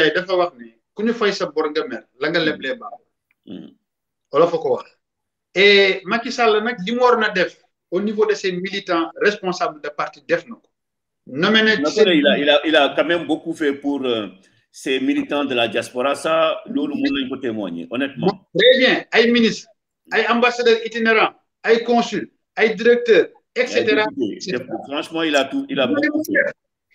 niveau de militants responsables de parti il a quand même beaucoup fait pour ces euh, militants de la diaspora ça nous mo témoigner honnêtement très bien ay ministres ay ambassadeurs itinérants ay consuls ay directeurs etc franchement il a tout il a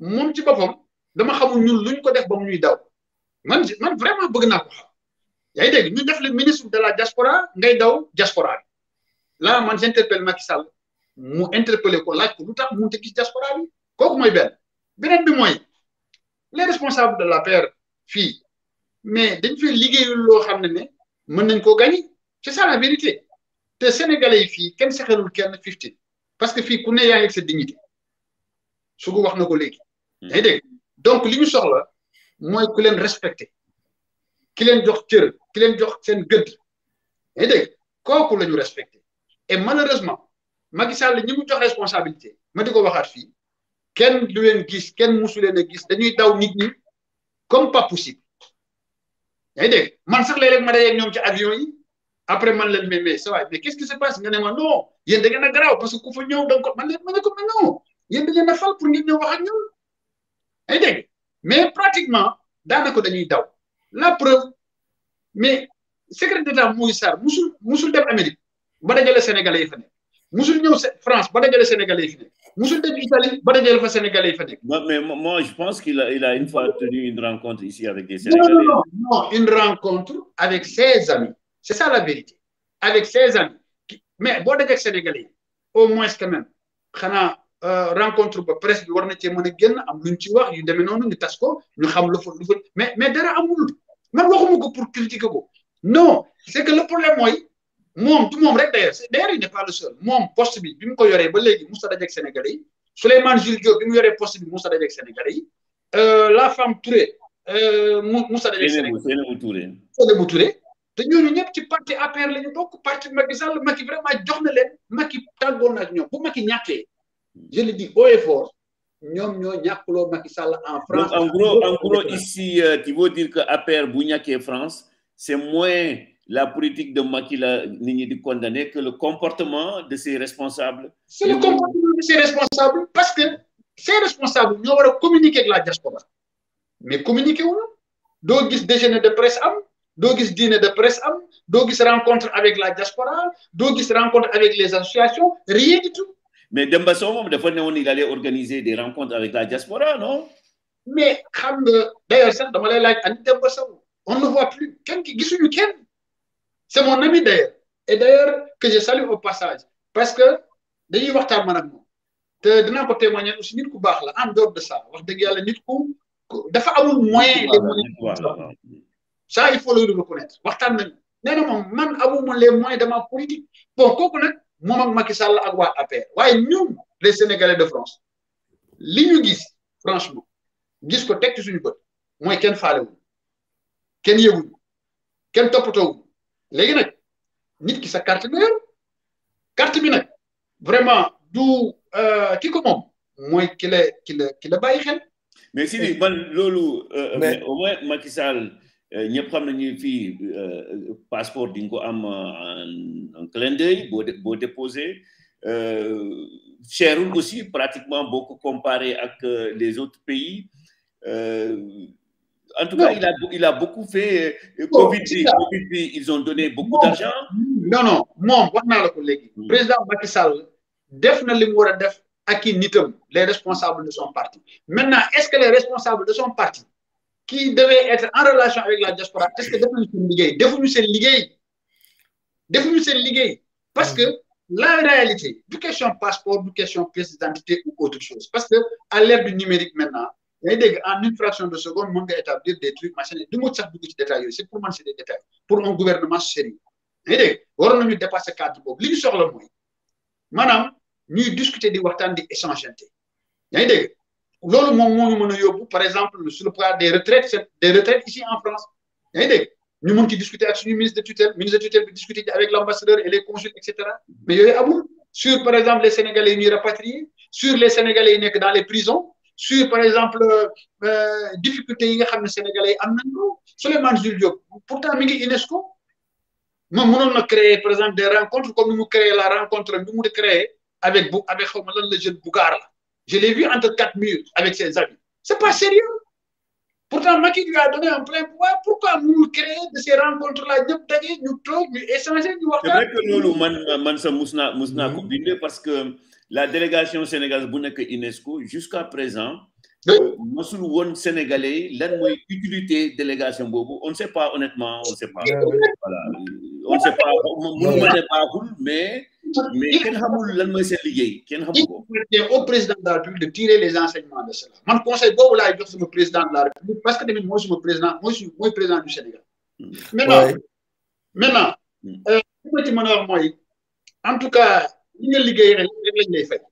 moom ci boppam dama xamul ñun luñ ko def ba mu daw man man vraiment bëgg naa ko xam yaa ngi dégg ñu def lee ministre de la diaspora ngay daw diaspora bi la man j'interpelle Macky Sall mu interpellé ko laaj ko lu tax mënut a gis diaspora bi kooku moy benn beneen bi mooy les responsables de l'APR fii mais dañ fe liggéeyul loo xam ne ne mën nañ koo gagné c'est ça la vérité te sénégalais yi fii kenn sexelul kenn fifty parce que fii ku ne yaa ngi sa dignité su wax na ko léegi. yaa dégg donc li ñu soxla mooy ku leen respecté ki leen jox cër ki leen jox seen gëdd yaa dégg kooku la ñu respecté et malheureusement Macky Sall ñi mu jox responsabilité ma di ko waxaat fii kenn du leen gis kenn musu leen a gis dañuy daw nit ñi comme pas possible yaa dégg man sax léeg-léeg ma dajeeg ñoom ci avion yi après man leen mais mais ça va mais qu'est-ce qui se passe nga ne ma non yéen da ngeen a garaaw parce que ku fa ñëw da nga ko man leen ma ne ko mais non yéen da ngeen a fal pour ngeen ñëw wax ak ñoom. Eh, dégg mais pratiquement daanaka dañuy daw la preuve mais secrétaire d'État Moïse Sarr musul musul dem Amérique ba dajale sénégalais yi fa nekk musul ñëw France ba dajale sénégalais yi fa nekk musul dem Italie ba dajale fa sénégalais yi mais moi je pense qu'il a il a une fois tenu une rencontre ici avec des sénégalais. non non non une rencontre avec ses amis c'est ça la vérité avec ses amis mais boo dajee sénégalais au moins quand même xanaa. Euh, rencontre ba presse bi war na cee mën a génn am luñ ci wax yu demee noonu ñu tas ko ñu xam lu fa lu fa mais mais dara amul man waxuma ko pour critiquer ko non c'est que le problème mooy moom du moom rek d'ailleurs d'ailleurs il n'est pas le seul moom poste bi bi mu ko yoree ba léegi Moussa dajeeg Sénégalais yi Souleymane Jules Diop bi mu yoree poste bi Moussa dajeeg Sénégalais yi euh, la femme Touré euh, Moussa dajeeg Sénégalais Seynabou Touré Seynabou Touré te ñooñu ñëpp ci parti APR la ñu bokk parti Macky Sall Macky vraiment jox na leen Macky tàggoon na ak ñoom bu Macky ñàkkee je le dis haut et fort, Macky en France. en gros, ici, euh, tu veux dire que APR bu ñaké France, c'est moins la politique de Macky la ni ñi di condamner que le comportement de ses responsables. C'est le comportement de ses responsables parce que ces responsables ñoo wara communiqué communiquer avec la diaspora mais communiquer wu do doo gis déjeuner de presse am do gis dîner de presse am do gis rencontre avec la diaspora do gis rencontre avec les associations rien du tout. Mais Demba Sow moom dafa newoon il allait organiser des rencontres avec la diaspora non. mais xam nga d'ailleurs sax dama lay laaj ani Demba on ne voit plus ken ki gisuñu ken c'est mon ami d'ailleurs et d'ailleurs que je salue au passage parce que dañuy waxtaan man ak mom te dina ko témoigner aussi nit ku bax la en dehors de ça wax dëgg yalla nit ku dafa amul moyen les moyens ça il faut le reconnaître waxtaan nañ nee mom moom man amuma les moyens de ma politique bon kooku nag Macky ak wa APR les sénégalais de France li ñu gis franchement gis ko tek ci suñu ce moy kenn a kenn kenn légui nak nit ki sa carte mère carte bi nous vraiment du euh, ki ko avons ki la ki ki mais si euh, au moins euh, ñëpp xam nañu fii euh, passeport di nga am en clin d'œil boo boo déposé euh, cherul aussi pratiquement beaucoup comparé ak les autres pays en tout cas il a il a beaucoup fait Covid Covid ils ont donné beaucoup d'argent non non moom wax naa la ko mm. président Macky Sall def na li mu a def ak nitam les responsables de son parti maintenant est-ce que les responsables de son parti qui devait être en relation avec la diaspora est-ce que defuñu seen liggéey Défendu c'est liggéey Défendu c'est parce que la réalité du question passeport du question pièce d'identité ou autre chose parce que à l'ère du numérique maintenant en une fraction de seconde on peut établir des trucs machin Deux mot sax dugg ci détails c'est pour moi, c'est des détails pour un gouvernement sérieux Vous dégg waroon nañu dépassé cadre boobu li ñu le mooy maanaam ñuy discuter di waxtaan di échanger Vous dégg loolu moom moo ñu mën a par exemple sur le plan des retraites des retraites ici en France yaa ngi dégg ñu mën ci discuter ak suñu ministre de tutelle ministre de tutelle bi discuter avec l'ambassadeur et les consuls et cetera mais yooyu amul sur par exemple les sénégalais yi ñuy sur les sénégalais yi dans les prisons sur par exemple euh, difficulté yi nga xam sénégalais yi am nañ ko Souleymane Jules Diop pourtant mi ngi UNESCO moom mënoon na créer par exemple des rencontres comme nous mu créer la rencontre nous mu créer avec bu avec xaw ma lan jeune Bougar je l'ai vu entre quatre murs avec ses amis. C'est pas sérieux. Pourtant, Maki lui a donné un plein pouvoir. Pourquoi nous créer de ces rencontres-là Nous nous nous échanger, nous C'est vrai que nous, Mansa Mousna, Mousna parce que la délégation sénégalaise Bounek UNESCO, jusqu'à présent, sommes Won Sénégalais, utilité délégation Bobo, on ne sait pas honnêtement, on ne sait pas. Voilà. On ne sait pas, mais mais kenn xamul lan mooy seen liggéey kenn xamul ko. au président de la République de tirer les enseignements de cela man conseil boobu laay jox sama président de la République parce que tamit mooy suma président mooy su mooy président du Sénégal. Hmm. maintenant maintenant. Hmm. Euh, li ma ci mën mooy en tout cas li nga liggéey rek rek lañ